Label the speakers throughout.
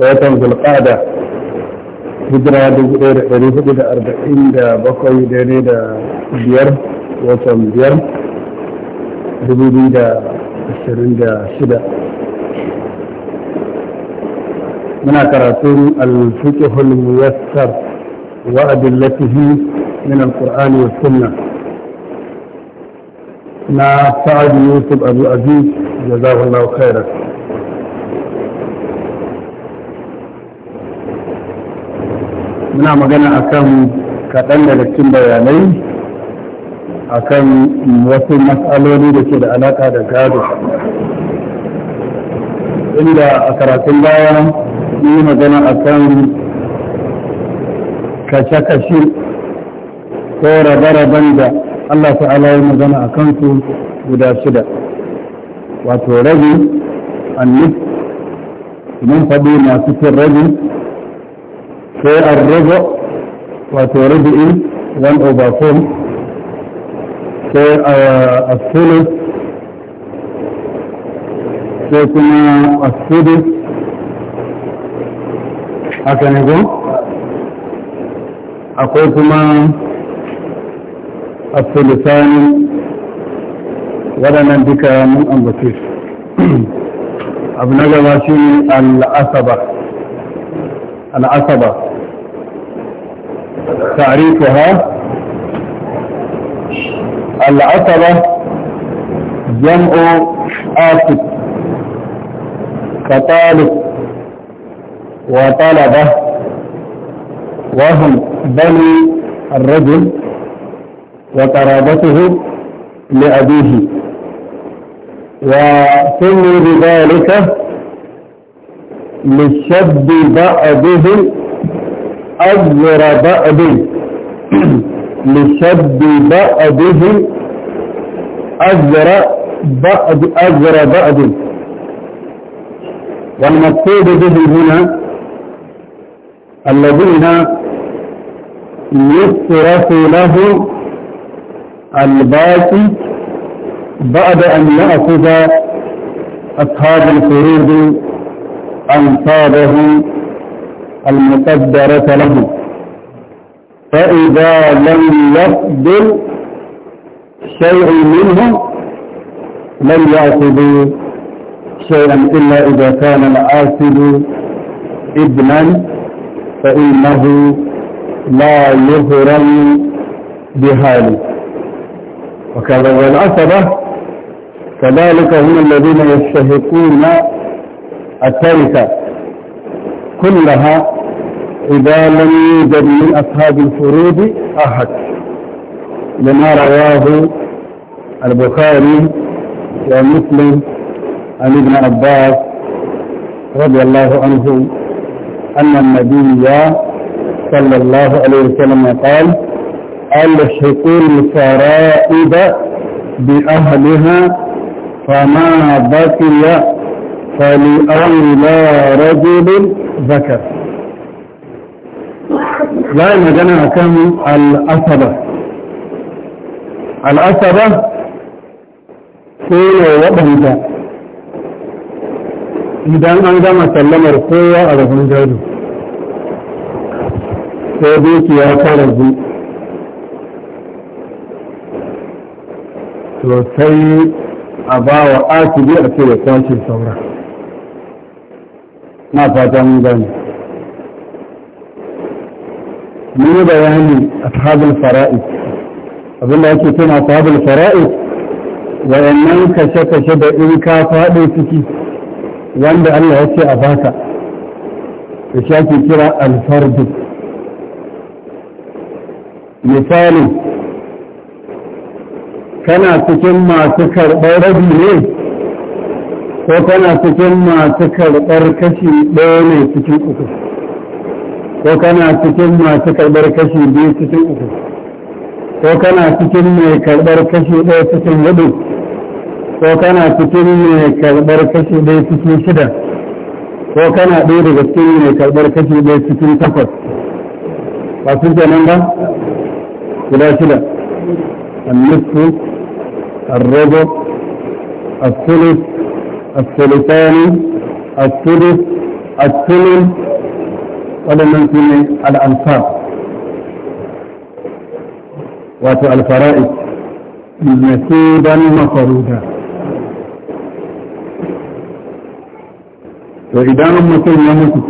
Speaker 1: watan zulqaada hijira dubu ɗaya da ɗari hudu arba'in da bakwai ɗari da biyar watan biyar 2026 muna karatun alfiqhul muyassar wa adillatihi min alqur'ani was sunnah na sa'ad yusuf abu aziz jazakallahu khairan muna magana akan kaɗan daga cikin bayanai akan wasu matsaloli da ke da alaka da gado inda a karatun baya yi magana akan kashe-kashe ko rabe-raben da Allah ta'ala yi magana a kansu guda shida wato rabi annif mun faɗi masu cin rabi sai an rabo wato in 1 over 4 الثلث شيكنا الثلث أكنغو أقولكما الثلثان ولا ننبك من أنبكير أبنى جواشين العصبة العصبة تعريفها العتبة جمع آسف كطالب وطلبة وهم بني الرجل وقرابته لأبيه وسمي بذلك للشد بعضه أجر بعض لشد بعده أذر بعض أذر بعض والمقصود به هنا الذين يصرف له الباقي بعد أن يأخذ أصحاب الفروض أنصابه المقدرة لهم فإذا لم يقبل شيء منه لم يأخذ شيئا إلا إذا كان الآخذ ابنا فإنه لا يهرم بهاله وكذا والعصبة كذلك هم الذين يستحقون التركة كلها إذا لم يوجد من أصحاب الفروض أحد لما رواه البخاري ومسلم عن ابن عباس رضي الله عنه أن النبي صلى الله عليه وسلم قال ألحقوا الفرائض بأهلها فما بقي فلأولى رجل ذكر
Speaker 2: za yi magana a kan
Speaker 1: al'asaba al'asaba ko waɗanda idan an gama sallamar kowa a rabon gado sai dukiya ta rabu to a ba wa ake a ce ya kwashe saura na fata mun mun yi bayani a ashabul fara'id abinda ake cewa ashabul fara'id wayannan kashe-kashe da in ka faɗo ciki wanda Allah ya ce a baka da shi ake kira alfardu misali kana cikin masu karɓar rabi ne ko kana cikin masu karɓar kashi ɗaya ne cikin uku ko kana cikin masu karɓar kashi biyu cikin uku ko kana cikin mai karɓar kashi ɗaya cikin hudu ko kana cikin mai karɓar kashi ɗaya cikin shida ko kana ɗaya daga cikin mai karɓar kashi ɗaya cikin takwas ba ke nan ba guda shida annisu arrobo asulis asulisani asulis asulis ولمن كل الأنصار واتو الفرائض نسيبا مفروضا وإدان المسلم يمسك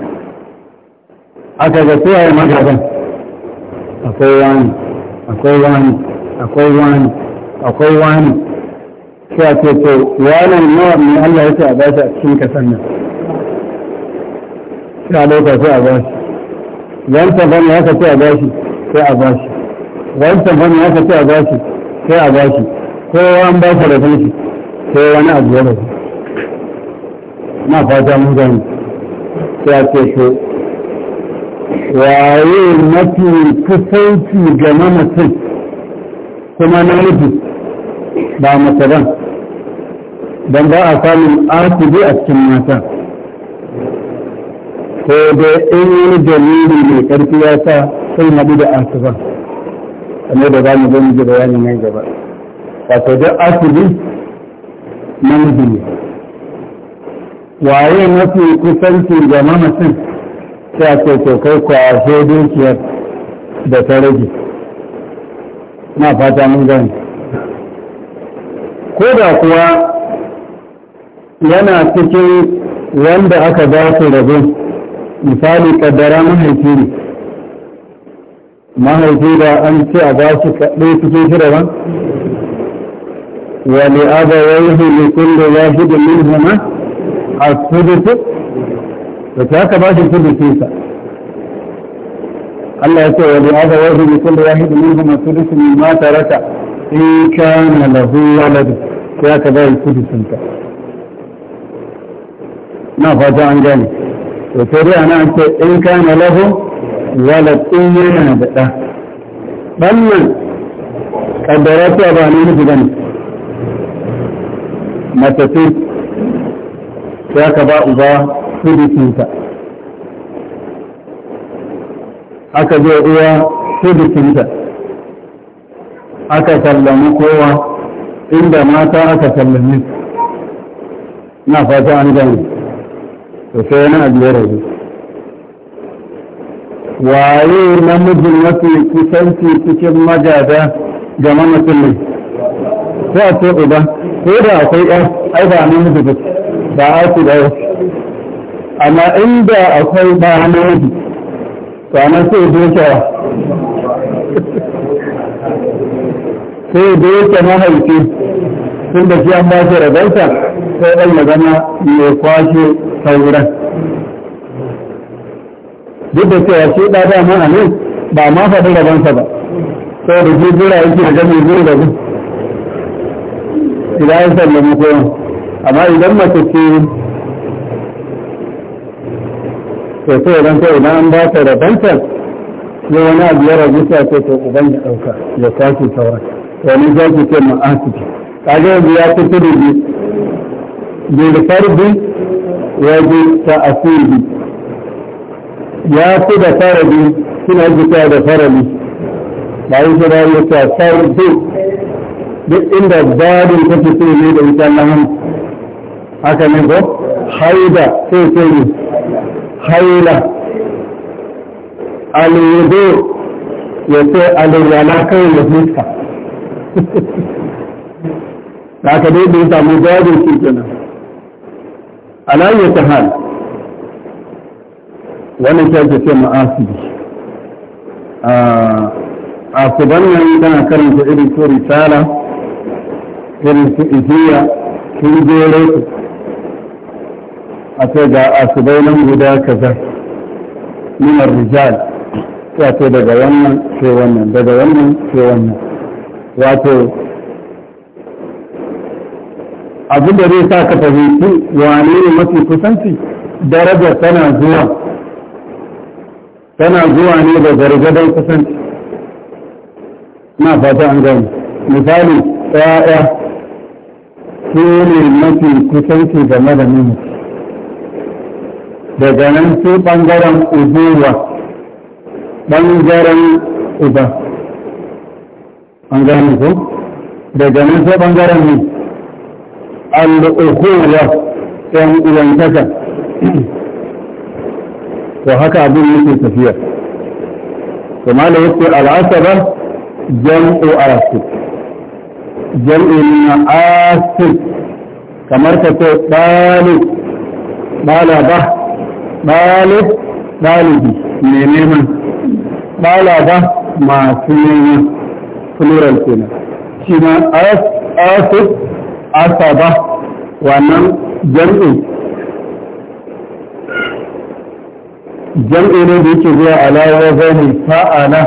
Speaker 1: أكذا سوى يا مجردا أقوان أقوان أقوان أقوان شاكتو وانا النوع من الله يسعى باشا كنك سنة شاكتو باشا wancan bane haka ce a bashi sai a bashi wancan bane haka ce a bashi sai a bashi kowa an ba shi da kanshi sai wani abu ya rabu na fata mun gani sai a ce so. waye mafi kusanci ga mutum? kuma na nufi ba mace ban don ba a samun asibi a cikin matan ko dai in wani dalili mai ƙarfi ya sa sai na da asuba kamar da za mu zo mu ji bayanin nan gaba wato da asibi namiji ne waye mafi kusanci ga mamacin sai a ce to kai kwashe dukiyar da ta rage na fata mun gani ko da kuwa yana cikin wanda aka ba su rabin misali kaddara mahaifi ne mahaifi da an ce a ba shi kaɗai cikin shi daban wa li abawaihi ya kulli wahidin minhuma as-sudusu da ta ka ba shi sudusu sa Allah ya ce wa li abawaihi li kulli wahidin minhuma as-sudusu mimma taraka in kana lahu walad ya ka ba shi sudusun ka na fata an gane to sai ana ce in kana lahu walad yana da ɗa ɗannan bani ba na nufi bane ya ka ba uba sudukinta aka je uwa sudukinta aka sallami kowa inda mata aka sallami na fata an gani to sai wani a ya waye namijin mafi kusanci cikin magada ga mamacin ne sai a ce uba ko da akwai ɗan ai ba namiji ba ba a ce da yau amma inda akwai ba namiji to anan sai dokewa sai doke mahaifi tun da shi an ba shi rabansa sai ɗan magana mai kwashe sauran duk da cewa shi ɗaɗa dama a nan ba ma faɗi rabansa ba sai da shi jira yake da gami zai da zai idan ya sallama kowa amma idan mace ce to sai idan ta idan an ba ta rabanta ne wani abu ya rabu sai ce to uban ya ɗauka ya kwashe sauran to ni za ki ce ma'asiki ga yanzu ya fi tudu biyu bai da farbi wajen ta'asiri ya fi da farabi suna jika da farabi ba yi shira ya ta farzu duk inda babin ta fi ne da ita lahan haka ne ko haida sai sai ne haila alwudu ya ce alwala kawai ya fuska da aka daidaita mu ya babin shi kenan ala ta hal wannan ta ce ce ma'asibi a kuban nan tana karanta irin su risala irin su ijiya sun jere su a ce ga asibai nan guda kaza minar rijal ya ce daga wannan ce wannan daga wannan ce wannan wato abin da zai sa ka fahimci wane ne mafi kusanci darajar tana zuwa tana zuwa ne da gargadon kusanci na fata an gani misali ɗaya su ne mafi kusanci game da nuna daga nan su ɓangaren ubuwa ɓangaren uba an gani ko daga nan su ɓangaren ne al'ukuwa ‘yan uwantaka to haka abin yake tafiya kuma da yake al'asaba jam'u asib jam'u na asib kamar ka ce ɗalib ɗalaba ɗalib ɗalibi mai neman ɗalaba masu neman plural kenan shi ma asib asaba wannan jam'i jam'i ne da yake zuwa alawa zani fa'ala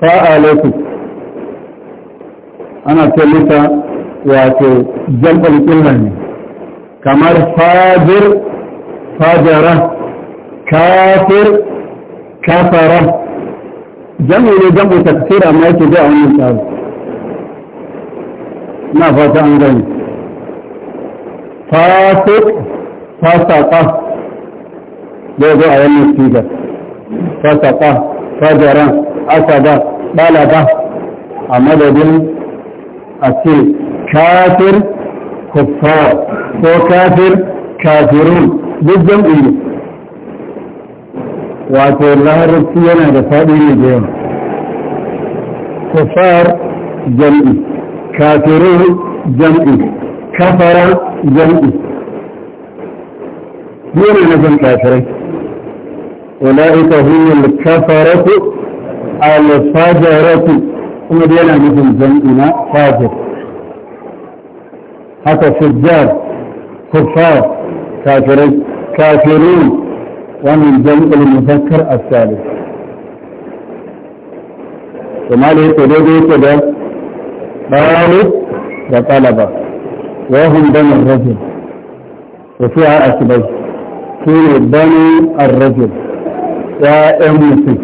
Speaker 1: fa'alatu ana ce mata wato jam'ul illa ne kamar fajir fajara kafir kafara jam'i ne jam'u tafsir amma yake zuwa wannan tsari na fata an gani fasik fasaka zai zo a wannan sigar fasaka fajaran asaba balaba a madadin a ce kafir kuffar ko kafir kafirun duk jam'i ne wato larabci yana da faɗi ne da yawa kuffar jam'i كافرون جمعي كفر جمعي دون نجم كافرين أولئك هم الكفرة الفاجرة هم دينا نجم جمعنا فاجر حتى فجار كفار كافرين كافرون ومن جمع المذكر الثالث وما ليه لديك ɗalib da ƙalaba, wa hun banin rajul da su a asibai su ne banin arrajul ‘ya'yan mutum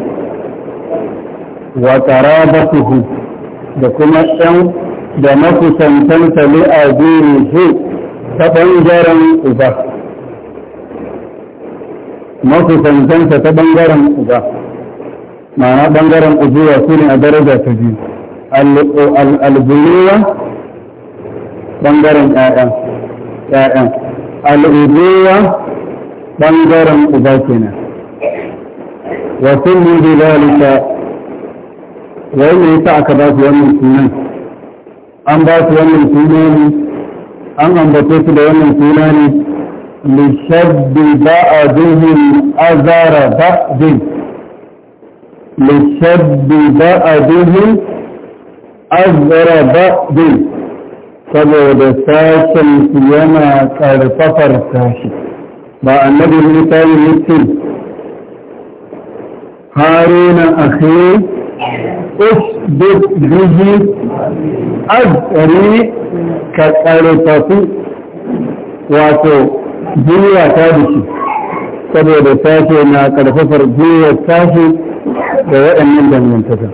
Speaker 1: wa ƙarabatuhu da kuma ‘yan da biyu li'azirihi ta ɓangaren uba makusantanta ta ɓangaren uba ma'ana ɓangaren ujuwa su ne a daraja ta biyu البنوة ɓangaren ‘ya'yan ‘ya'yan al'ubuwa ɓangaren uba kenan wasu mundu zalika wai me yasa aka ba su wannan sunan an ba su wannan suna ne an ambace su da wannan suna ne lishaddi ba'aduhum azara ba'din lishaddi ba'aduhum azraba dai saboda sashen yana karfafar sashi ba annabi musa yake haruna akhi usbid bihi azri ka karfafi wato duniya ta dace saboda sashe na karfafar duniya tashi da waɗannan dangantaka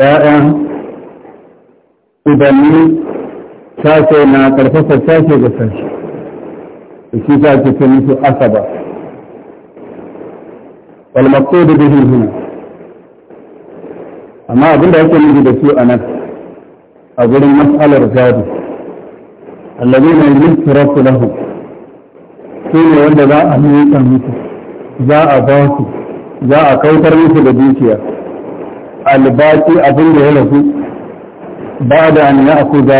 Speaker 1: ‘ya'yan ubanni sashe na karfafar sashe da sashe da shi ta ake ce musu asaba walmakko da bihin huna amma abinda yake nufi da su a nan a gurin mas'alar gado allazi mai yi turafu lahu su ne wanda za a miƙa musu za a ba su za a kautar musu da dukiya albaki abin da ya rasu بعد أن يأخذ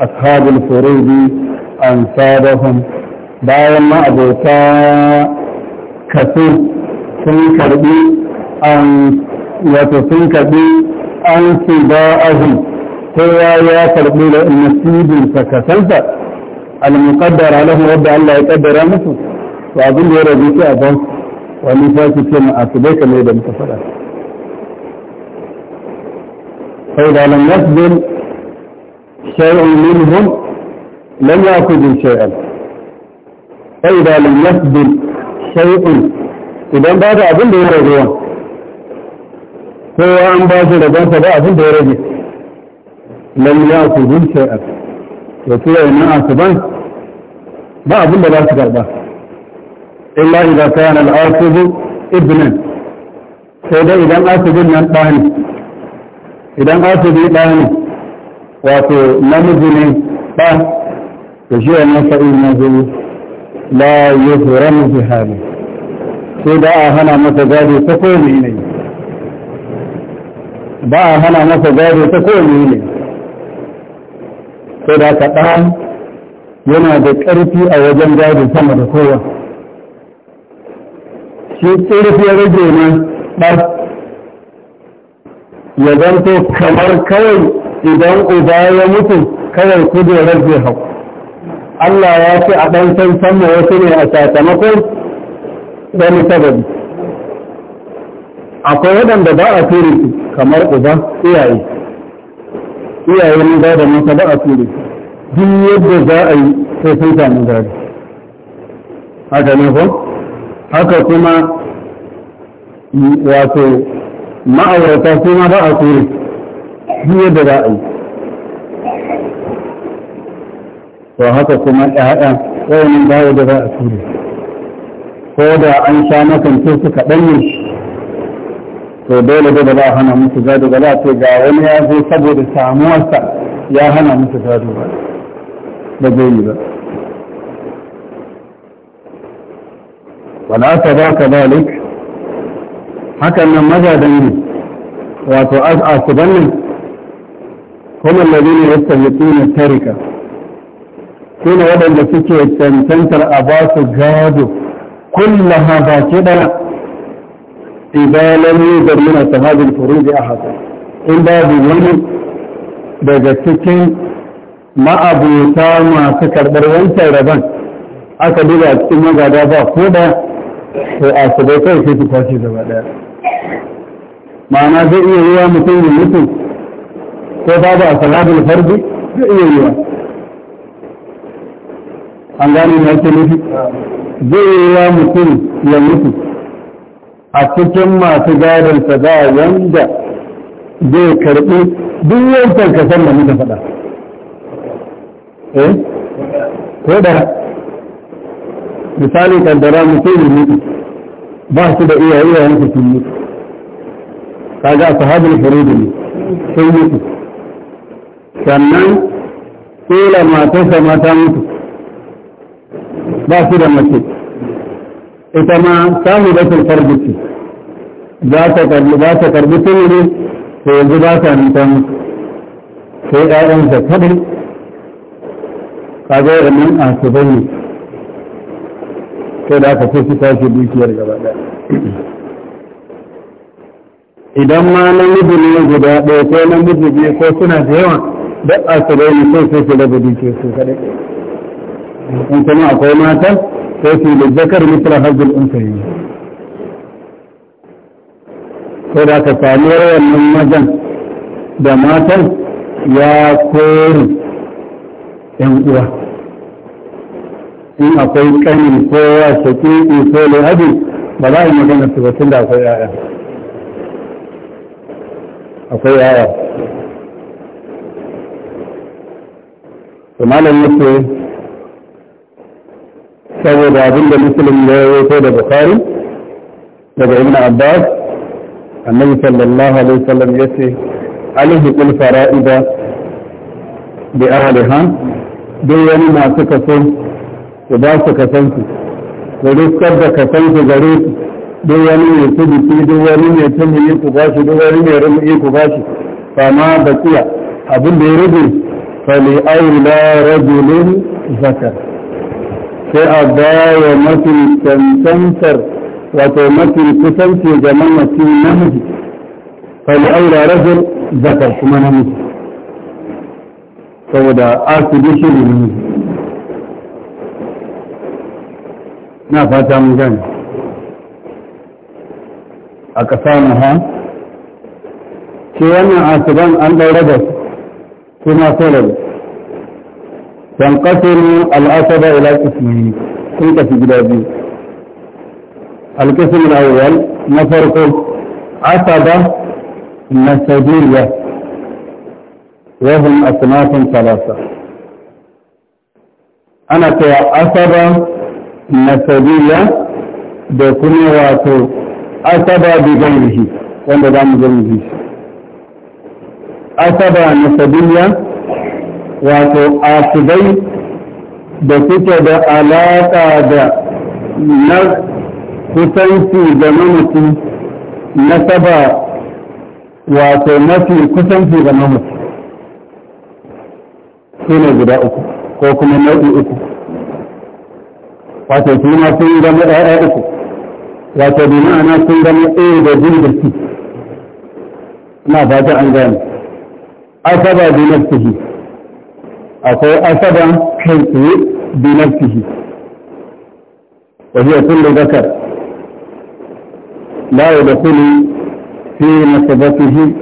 Speaker 1: أصحاب الفروض أنصابهم bayan ma'abota kaso sun karbi an wato sun karbi an su ba azum ya karbi da nasibinsa kasansa al-muqaddara lahu wadda Allah ya kaddara musu to abin da ya rabu shi a ban wani sashi ce da muka فإذا لم يسبل شيء منهم لم يأخذوا شيئا فإذا لم يسبل شيء إذا بعد أبن دور الروان هو أن باجر أبن سبا أبن دور لم يأخذوا شيئا وكلا إن أعصبان ما أبن لا تقربا إلا إذا كان الأرصب ابنا فإذا إذا أعصبنا الطهن idan asibi ɗa ne wato namiji ne ɗa da shi wannan sa'i na zai la yi tsoron fi hali sai da a hana masa gado ta kowane ne ba a hana masa gado ta kowane ne sai da ka ɗan yana da ƙarfi a wajen gado sama da kowa shi ƙarfi ya rage ne ɗan ya zanto kamar kawai idan uba ya mutu kawai kujerar zai hau Allah ya ce a ɗan san sanma wasu ne a sakamakon wani sababi akwai waɗanda ba a ture su kamar uba iyaye iyaye ne ba da mata ba a ture su duk yadda za a yi sai sun samu gari haka ne ko haka kuma wato ما أورطا سيما با أطوري هي دبائي وهكا سيما الإعاء وين باو دباء أطوري فوضع أن شامك انتوسك بني فدولة دبلا هنا متزاد غلا تجا وني أزي صبر ساموسا يا هنا متزاد غلا بجيلي با ولا تباك ذلك hakan nan mazajen ne wato asuban nan kuma lalini ya tafi na tarika suna waɗanda suke cancantar a ba su gado kullaha ba ke ɗaya idan lalle zarmina sahabin furuzi a hasa in babu wani daga cikin ma'abuta masu karɓar wancan rabon aka duba cikin magada ba ko da
Speaker 2: to a su bai kai
Speaker 1: sai su kwashe gaba ɗaya ma'ana zai iya yiwa mutum ya mutu ko ba a da fardi zai iya yiwa an gane na ke nufi zai iya yiwa mutum ya mutu a cikin masu gadarsa ba wanda zai karɓi duk yankan kasar da muka faɗa eh ko da misali kaddara mutum ya mutu ba su da iyaye yanka sun mutu kaga ashabul furud ne sun mutu sannan kila matarsa ma mata mutu ba su da mace ita ma samu batul farbuci za ta karbi za ta karbi tunuri to yanzu ba ta nita mutu sai ƴaƴansa kadai kaga wannan bai ne sai da aka sai su tashi dukiyar gaba ɗaya idan ma namiji ne guda ɗaya ko namiji biyu ko suna da yawa duk a su da mutum sai su da dukiya su kaɗai in kuma akwai mata sai su da zakar mutum hajjul yi. ko da ka sami wannan mazan da matan ya kori ‘yan uwa in akwai ƙanin kowa shaƙi ko hajji ba za a yi magana su batun da akwai ‘ya'ya akwai yawa malam yake saboda abin da musulun ya yi yato da bukari daga ibn abbas annabi sallallahu alaihi wasallam ya ce alihi kul fara'ida bi ahliha dai wani masu kaso ku ba su kasansu ku riskar da kasansu gare su duk wani ne ta biki duk wani ne ta muyi ku bashi duk wani ne ta muyi ku bashi fa ma tsiya abin da ya rage fali aula rajulun zakar sai a bawa mafi cancantar wato mafi kusanci ga mamaci namiji fali aula rajul zakar kuma namiji saboda asibi shi ne na fata mun gani أقسامها أنا عاصبان أن ربط كما طلب تنقسم العصبة إلى قسمين كنت في جلابي القسم الأول نفرق عصبة نسجية وهم أصناف ثلاثة أنا كعصبة نسجية دكني واتو asaba bi gairihi wanda za mu zo shi asaba asaba nasabiyya wato asibai da suke da alaƙa da na kusanci da mamaci nasaba wato mafi kusanci da mamaci su ne guda uku ko kuma nau'i uku wato su ma sun zama ɗaya uku wato bi ma'ana kun zama ɗaya da jin jirgin na fata an gane asaba bi nafsihi akwai asaba kai tsaye bi nafsihi wajen kun da zakar la yadkhulu fi nasabatihi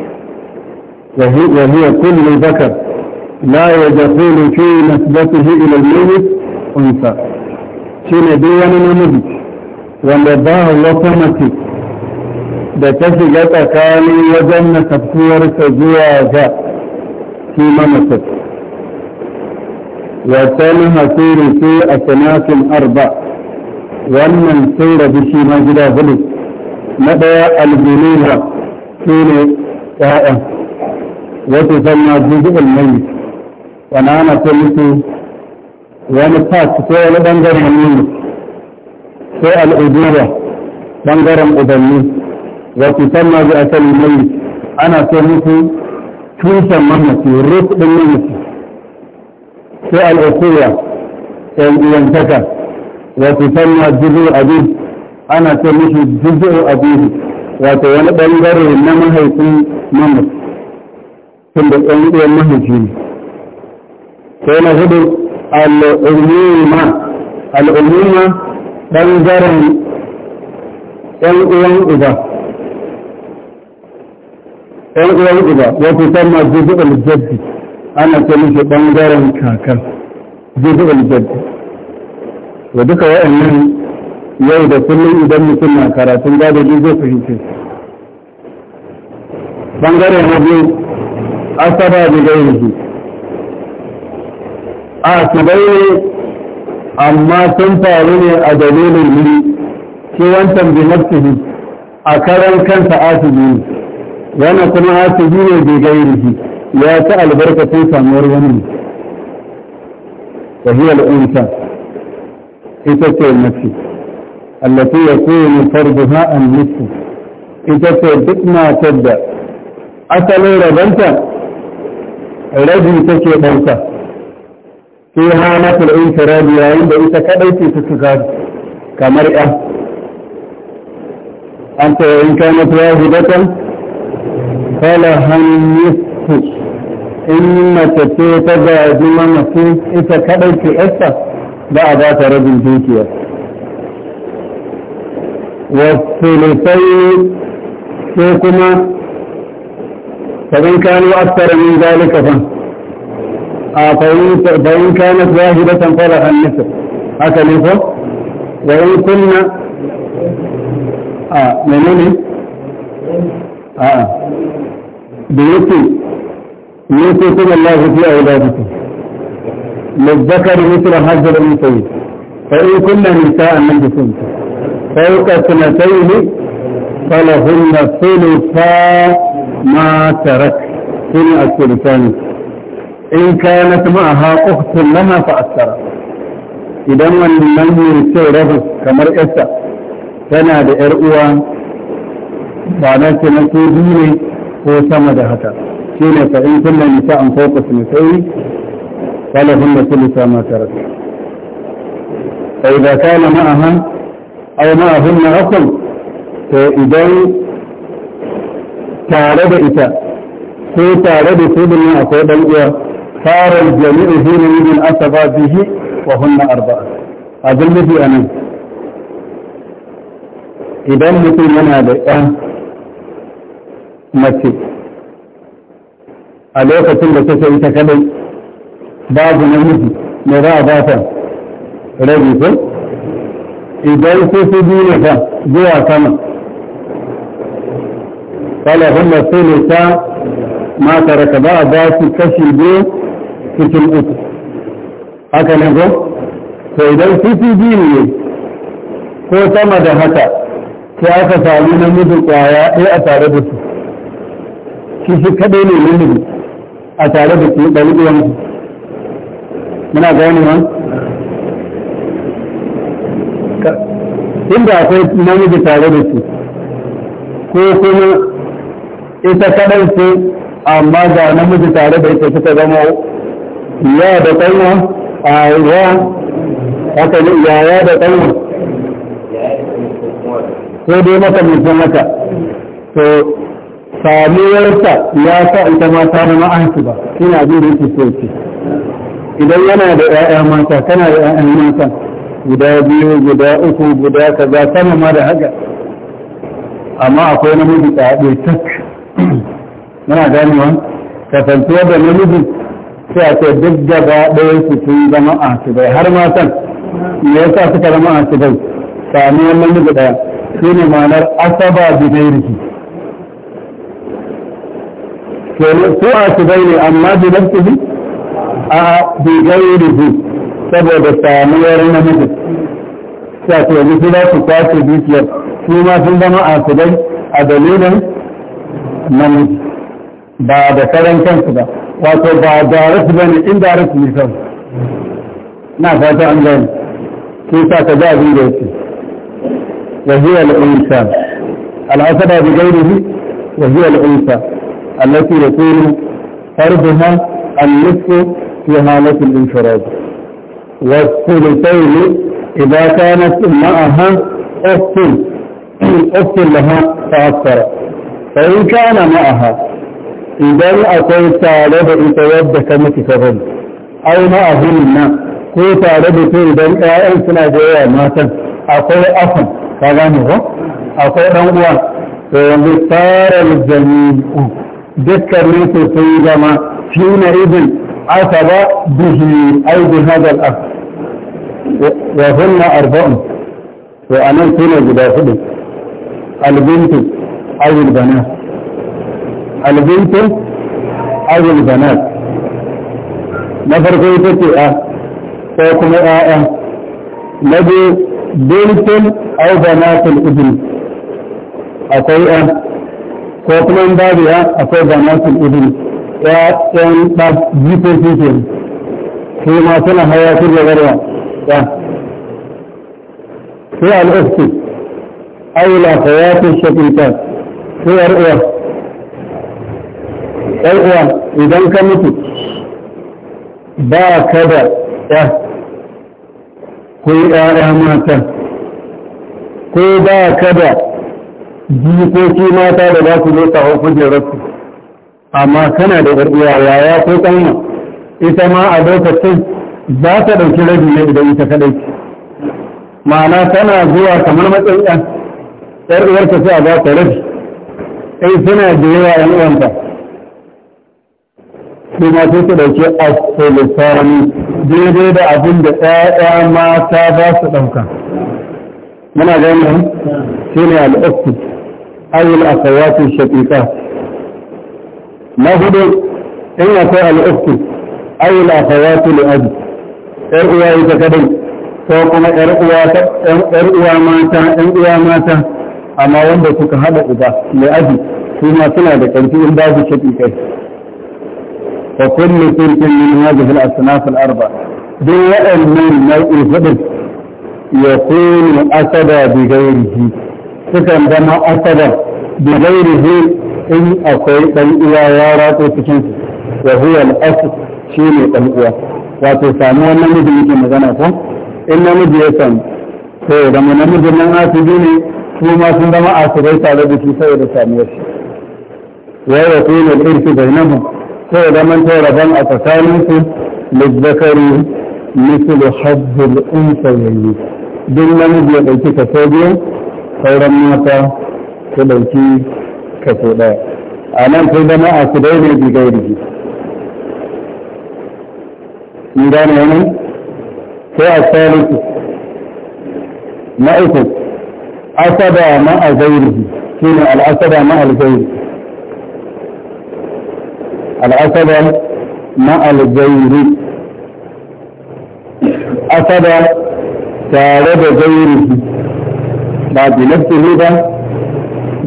Speaker 1: wa hiya kullu zakar لا يدخل في نسبته إلى الميت أنثى شنو دي وانا نمضي wanda ba wata mace da ta shiga tsakanin wajen na nasabtuwarsa zuwa ga shi mamacin wasan hasiri ce a sanatin arba wannan sun rabu shi ma gida hudu na ɗaya albulura su ne ƴaƴan wata zanna jirgin mai wani ana ta mutu wani part ko wani ɓangaren mai sai al'uduwa bangaren ubanni wa ma zai asali mai ana so musu tushen mamaci ruk din mamaci sai al'ukuwa yan uwantaka wa ma jizo abin ana so musu jizo abin wato wani ɓangare na mahaifin mamaci sun da ɗan uwan mahaifi ne sai na hudu al'umma al'umma ɓangaren ‘yan uwan uba ‘yan uwan uba wato san ma jizubal jaddi ana ce mishi ɓangaren kakar jizubal jaddi Wa duka wa'annan yau da kullum idan mutum na karatun biyu zai fahimce ɓangare na biyu asaba da gairi a su amma sun faru ne a dalilin ne shi wancan bi nafsihi a karan kansa asibi ne Yana kuma asibi ne bi gairi shi ya ta albarka sun samuwar wani ne wahiyar al'unta ita ce nafsi allafi ya kuyi ne farduha an nafsi ita ce duk matar da asalin rabanta rabi take ɗauka في حالة الانفراد yayin da ita kadai ce ta suka kamar ya an ta in kana wahidatan fala hanifu in mace ce ta gaji mamaci ita kadai ce yarsa ba a ba ta rabin dukiya wasu sai kuma فإن كانوا أكثر من ذلك فهم a fa'in kanat wahidatan falaha an-nisf haka ne ko wa in kunna a menene a da
Speaker 2: للذكر مثل هذا
Speaker 1: الأنثيين فإن كن نساء من بسنت فوق سنتين فلهن ثلثا ما ترك سنة الثلثان إن كانت معها أخت لها فأثر إذا من من يسيره كما رأيت كان بإرؤوا فعلت نسيبين هو سمد دهتا كينا فإن كنا نساء فوق سنسوي فلهم كل ما ترك فإذا كان معها أو معهن أصل فإذا تعرض إتا كي تعرض سيدنا أصول الأوى صار الجميع حين من أسفى به وهن أربعة أظن في أنا إذا مثل من هذا mace a lokacin da take ita kadai babu namiji da za a ba ta rabi ko idan sai su biyu ne fa zuwa sama kala hunna ta mata ba a kashi biyu cikin uku haka ne ko to idan biyu ne ko sama da haka ta aka sami namiji kwaya ɗaya a tare da su shi shi kaɗai ne namiji a tare da su ɗari ɗuwan su muna gani man inda akwai namiji tare da su ko kuma ita kaɗai ce amma ga namiji tare da ita suka zama ya da kanwa a ya yaya da kanwa ko dai maka mutum haka to samuwarsa ya sa ita mata na ma'ansu ba ina zai da yake sauki idan yana da 'ya'ya mata kana da 'ya'yan mata guda biyu guda uku guda za ta ma da haka amma akwai namiji ta haɗe tak muna ganewa kasantuwa da namiji sai a ce duk gaba ɗaya su sun zama asibai har matan me yasa suka zama asibai sami wannan nufi ɗaya shi ne ma'anar asaba bi gairiki su asibai ne amma bi nafsihi a bi gairiki saboda samuwar namiji sai a ce yanzu su za su kwace dukiyar su ma sun zama a asibai a dalilin namiji ba da karan kansu ba wato ba direct ba ne indirect ne kan na fata an gani ke sa ka ga abin da yake wa hiya al-insa al-asaba bi ghayrihi wa hiya al-insa allati yakunu farduha النصف في حالة الانفراد والثلثين إذا كانت معها أفت أفت لها فأكثر فإن كان معها idan akwai tare da ita yadda ka miki ka bari ai ma ahun nan ko tare da su idan ɗaya'in suna da yawa matan akwai afin ka gane ba akwai ɗan uwa to yanzu tara jami'u dukkan nufi sun yi zama shi na idin asaba ba ai bi hajar a wa hunna arba'un to anan sune guda hudu albintu ayyul banat albintu azul banat na farko ita a ko kuma ya'ya na biyu bintun au banatul ibn akwai a ko kuma in babu ya akwai banatul ibn ya'yan ɗan jikoki ke su ma suna haya su da garwa ya shakinta sai yar'uwa ɗan uwa idan ka mutu ba ka da ya ko ya'ya mata ko ba ka da jikoki mata da za su zo ta hau rasu amma kana da ƙarfiya yaya ko ƙanwa ita ma a lokacin za ta ɗauki rabi ne idan ita kaɗai ma'ana tana zuwa kamar matsayin ɗan ɗan uwarta sai a za ta rabi ai suna da yawa ‘yan uwanta su ma sai su a as-sulusani daidai da abin da ƴaƴa mata ba su ɗauka. muna gani shine al-uktu ayul akhawati shafiƙa. na hudu in akwai al-uktu ayul akhawati li abi ƴar uwa ta kadai ko kuma ɗan uwa mata ɗan uwa mata amma wanda suka haɗa uba li abi su ma suna da ƙarfi in su shaqiqai وكل تلك من هذه الأصناف الأربع دواء من نوع الفضل يكون أسدا بغيره سكن دم أسدا بغيره إن أقوي بيئة وارات وتشنس وهو الأسد شيني بيئة وتسامو من لكي مغانا فهم إن نمج يسام سيدا من نمج من آسدين فيما سندما آسدين على بكي سيد سامي ويكون الإرث بينهم فإذا من تعرفان أتكالنك للذكر مثل حظ الأنسى يلي دلنا نبي قلت كفوديا خيرا ماتا قلت كفودا أنا فإذا ما أتدعي بغيره ميدان هنا في الثالث ما أتد أصدى مع غيره هنا الأصدى مع الغيره العصبة مع الزير عصبة تارد غيره با بنفسه با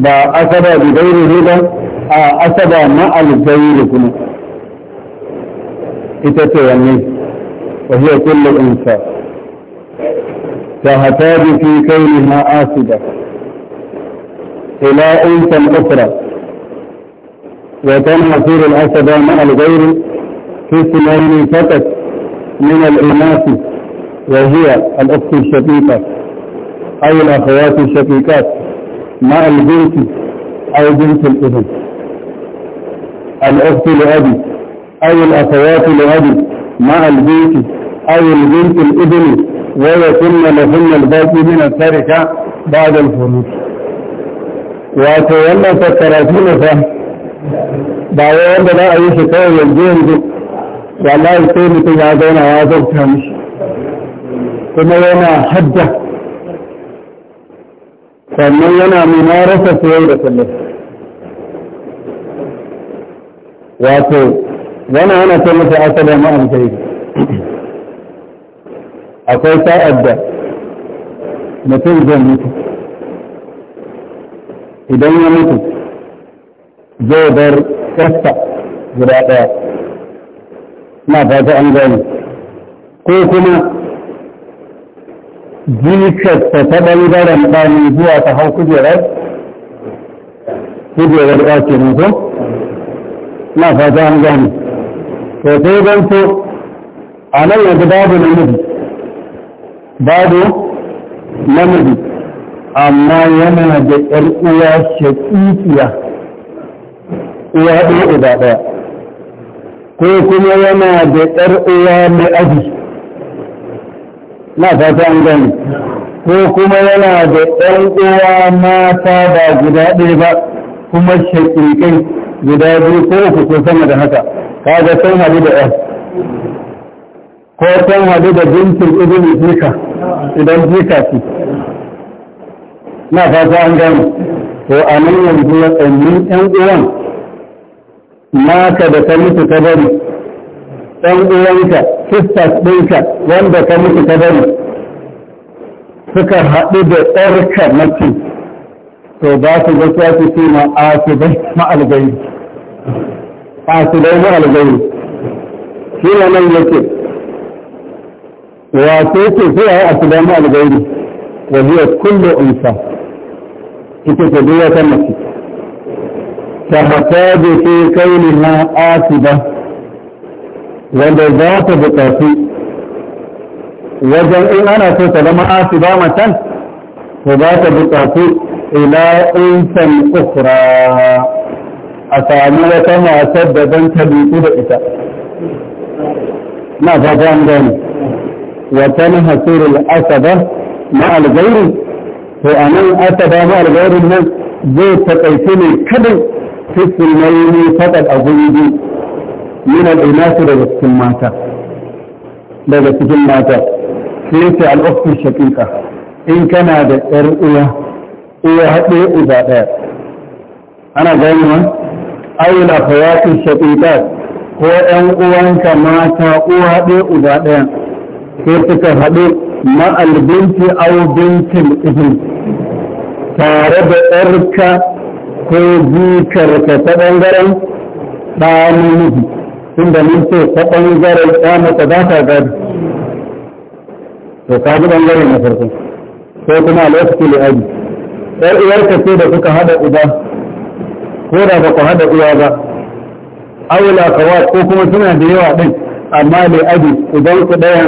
Speaker 1: با عصبة بغيره آه، با عصبة مع الزير كنا إتتواني وهي كل إنسان فهتاج في كونها عاصبة إلى انسان أخرى وكان عصير الأسد مع الغير في سنين فتت من الإناث وهي الأخت الشقيقة أو الأخوات الشقيقات مع البنت أو بنت الابن الأخت لأبي أو الأخوات لأبي مع البنت أو البنت الابن ويكن لهن الباقي من التركة بعد الفروج وتولى الثلاثين فهم ba wanda za a yi shi kawai yanzu yanzu wallahi sai mutum ya zauna ya zarta mishi
Speaker 2: kuma yana hadda
Speaker 1: sannan yana munarasa su yau da kullum wato yana yana ce masa asali ma'an kai akwai sa'ad da mutum zai mutu idan ya mutu zai bar guda ɗaya na fata an gani ko kuma jikarsa ta ɓangaren ɗani zuwa ta hau kujerar kujerar ɗaki ne ko na fata an gani to sai don so a nan yanzu babu namiji babu namiji amma yana da ƴar shaƙiƙiya uwa ɗaya uba ɗaya ko kuma yana da ƴar uwa mai na fata an gani ko kuma yana da ɗan uwa mata ba guda ɗaya ba kuma shaƙiƙai guda biyu ko uku ko sama da haka kaga san hadu da ɗan ko san hadu da bintin ibn jika idan jika ce na fata an gani to a nan yanzu ya waɗannan ɗan uwan naka da ka mutu ka bari ɗan uwanka sisters ɗinka wanda ka mutu ka bari suka haɗu da tsarka mace to ba su ga su ce ma asibai ma'algai asibai ma'algai shi ne nan yake wato ce sai a yi asibai ma'algai wa hiya kullu unsa ita ce duk wata mace تحتاج في كونها آسبة وذات بتاتي وجل إن أنا تسلم آسبة مثلا وذات بتاتي إلى أنسا أخرى أسامية ما سببا تبيت بإتا
Speaker 2: ما فجان
Speaker 1: ذلك وكان سور الأسبة مع الغير فأمن أسبة مع الغير من ذو تقيسني كبير في السنين فقد أظن من الإناث لذلك الماتا لذلك الماتا كيف الأخت الشقيقة إن كان هذا هو وهدي أذاء أنا دائما أي الأخوات الشقيقات هو أن أوانك ماتا وهدي أذاء كيف تهدي ما البنت أو بنت الإبن تارد أركا ko jikarka ta ɓangaren ɗa namiji tunda mun ce ta ɓangaren ɗa mata ba ta gado to ka ji ɓangare na farko ko kuma a lokacin aji ɗan uwarka ce da kuka haɗa uba ko da ba ku haɗa uwa ba aula kawa ko kuma suna da yawa ɗin amma li'aji idan ku ɗaya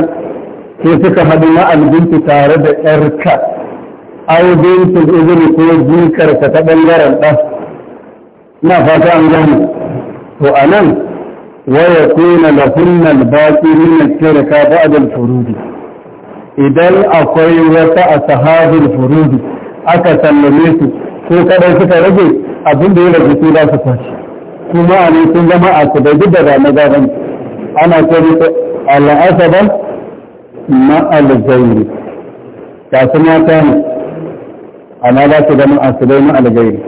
Speaker 1: sai suka haɗu na albinci tare da ƴarka au bintul ibni ko jikar ta ɓangaren ɗan na fata an gani to a nan, waya lahunna da baqi min al cire ba'da al-furudi idan akwai wata a ashabul furudi aka sallame su ko kaɗai suka rage abin da ya rage su za su kwashi kuma a ne sun zama a su bai duk da ba na gaban ana kwari al'asaban ma al-zairi ta su mata ne أنا لا تدمع أنسبين على جيل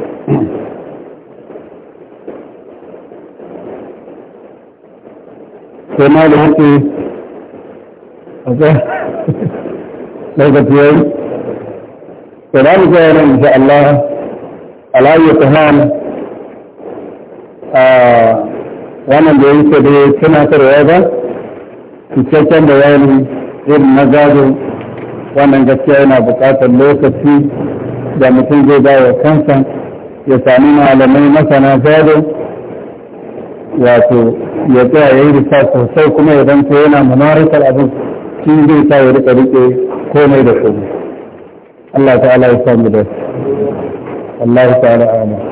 Speaker 1: كما لهم في لذا في يوم كلام جاءنا إن شاء الله على أي تهام وانا بيوم سبيل كما ترى هذا في شكاً بياني إذن مزاجه وانا ان كينا بقاطة اللوكة فيه da mutum zai ba wa kansa ya sami malamai masana gado wato ya tsaya ya yi risa sosai kuma ya zanto yana mamarakar abin shi zai sa ya rika rike komai da komai Allah ta'ala ya sami da Allah ta'ala amin